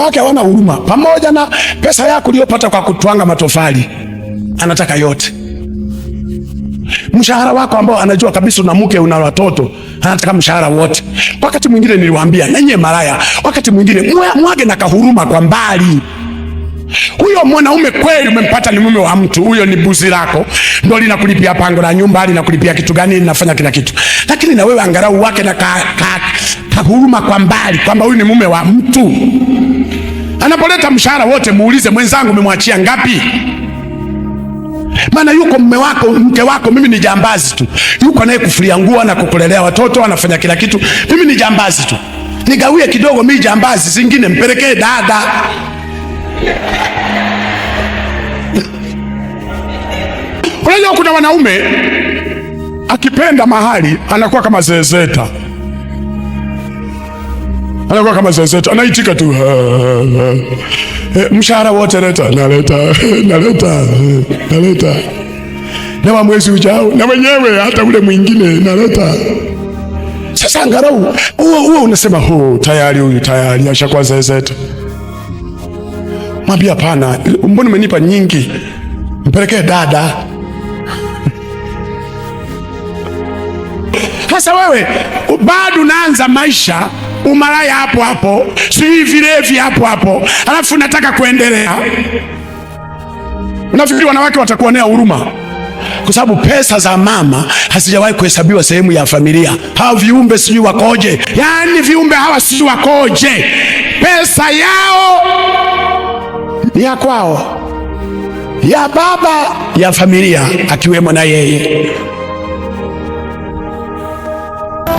wanawake hawana huruma, pamoja na pesa yako uliyopata kwa kutwanga matofali, anataka yote. Mshahara wako ambao anajua kabisa una mke una watoto, anataka mshahara wote. Wakati mwingine niliwaambia, nanyi maraya, wakati mwingine mwage na kahuruma kwa mbali. Huyo mwanaume kweli umempata, ni mume wa mtu huyo, ni buzi lako, ndo linakulipia pango la nyumba, linakulipia kitu gani, linafanya kila kitu, lakini na wewe angalau wake na ka, ka, huruma kwa mbali, kwamba huyu ni mume wa mtu. Anapoleta mshahara wote muulize mwenzangu, umemwachia ngapi? Maana yuko mume wako, mke wako, mimi ni jambazi tu, yuko naye kufulia nguo na kukulelea watoto, anafanya kila kitu, mimi ni jambazi tu, nigawie kidogo, mimi jambazi, zingine mpelekee dada. Unajua kuna wanaume akipenda mahali anakuwa kama zezeta anakuwa kama zezeta, anaitika tu e, mshahara wote leta, naleta naleta naleta, na wa mwezi ujao na wenyewe hata ule mwingine naleta. Sasa angalau huo huo unasema ho, tayari huyu tayari ashakuwa zezeta. Mwambia hapana, mbona umenipa nyingi, mpelekee dada. Sasa wewe bado unaanza maisha umalaya hapo hapo, sijui vilevi hapo hapo, alafu nataka kuendelea. Unafikiri wanawake watakuonea huruma? Kwa sababu pesa za mama hazijawahi kuhesabiwa sehemu ya familia. Hawa viumbe sijui wakoje, yaani viumbe hawa sijui wakoje, pesa yao ni ya kwao, ya baba, ya familia, akiwemo na yeye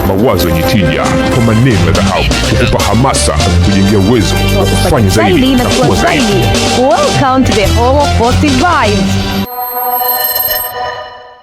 mawazo yenye tija, kwa maneno ya dhahabu, kukupa hamasa, kujengea uwezo wa kufanya zaidi na kuwa zaidi. Welcome to the Hall of Positive Vibes.